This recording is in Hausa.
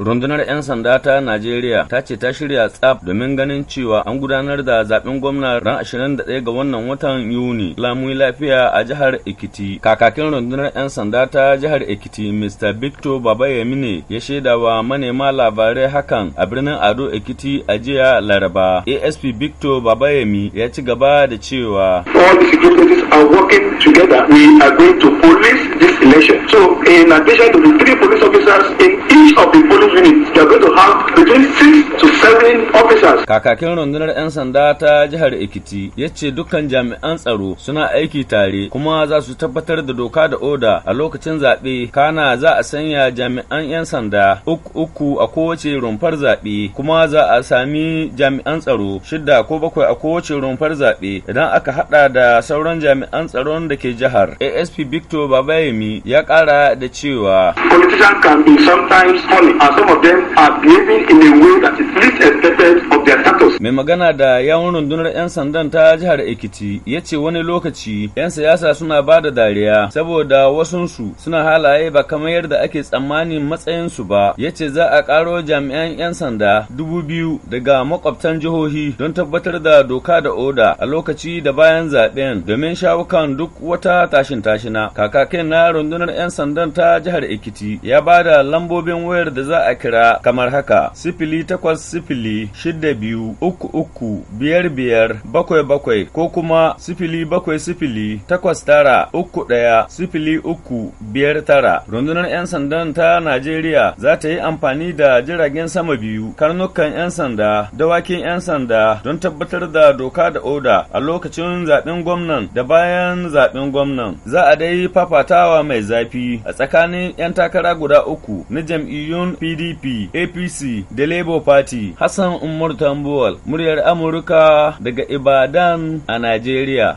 Rundunar 'yan sanda ta Najeriya ta ce ta shirya tsaf domin ganin cewa an gudanar da zaben gwamna ran 21 ga wannan watan Yuni lamu lafiya a jihar Ekiti. Kakakin rundunar 'yan sanda ta jihar Ekiti Mr. Victor ne ya shaida wa manema labarai hakan a birnin Ado Ekiti a jiya Laraba. ASP Victor Babayemi ya ci gaba da cewa All the are working together. We agree to police this election. So in addition to the three police officers in each of the police Kakakin rundunar 'yan sanda ta jihar Ekiti ya ce dukkan jami'an tsaro suna aiki tare kuma za su tabbatar da doka da oda a lokacin zaɓe kana za a sanya jami'an 'yan sanda uku a kowace rumfar zaɓe kuma za a sami jami'an tsaro shida ko bakwai a kowace rumfar zaɓe idan aka haɗa da sauran jami'an tsaron da ke jihar. ASP Victor Babayemi ya kara da cewa. Politician can be sometimes funny as are behaving in a way that is mai magana da yawon rundunar 'yan sandan ta jihar Ekiti ya ce wani lokaci 'yan siyasa suna ba da dariya saboda wasunsu suna halaye ba kamar yadda ake tsammanin matsayinsu ba ya ce za a karo jami'an 'yan sanda dubu biyu daga makwabtan jihohi don tabbatar da doka da oda a lokaci da bayan zaben domin shawukan duk wata tashin tashina kakakin na rundunar 'yan sandan ta jihar Ekiti ya ba da lambobin wayar da za a kira kamar haka sifili takwas sifili shida biyu uku uku uku biyar biyar bakwai bakwai ko kuma sifili bakwai sifili takwas tara uku ɗaya sifili uku biyar tara. Rundunar 'yan sandan ta Najeriya za ta yi amfani da jiragen sama biyu, karnukan 'yan sanda, dawakin 'yan sanda don tabbatar da doka da oda a lokacin zaɓen gwamnan da bayan zaɓen gwamnan. Za a dai fafatawa mai zafi a tsakanin 'yan takara guda uku na jam'iyyun PDP, APC da Labour Party, Hassan Umar Tambuwal muryar Amurka daga Ibadan a Najeriya.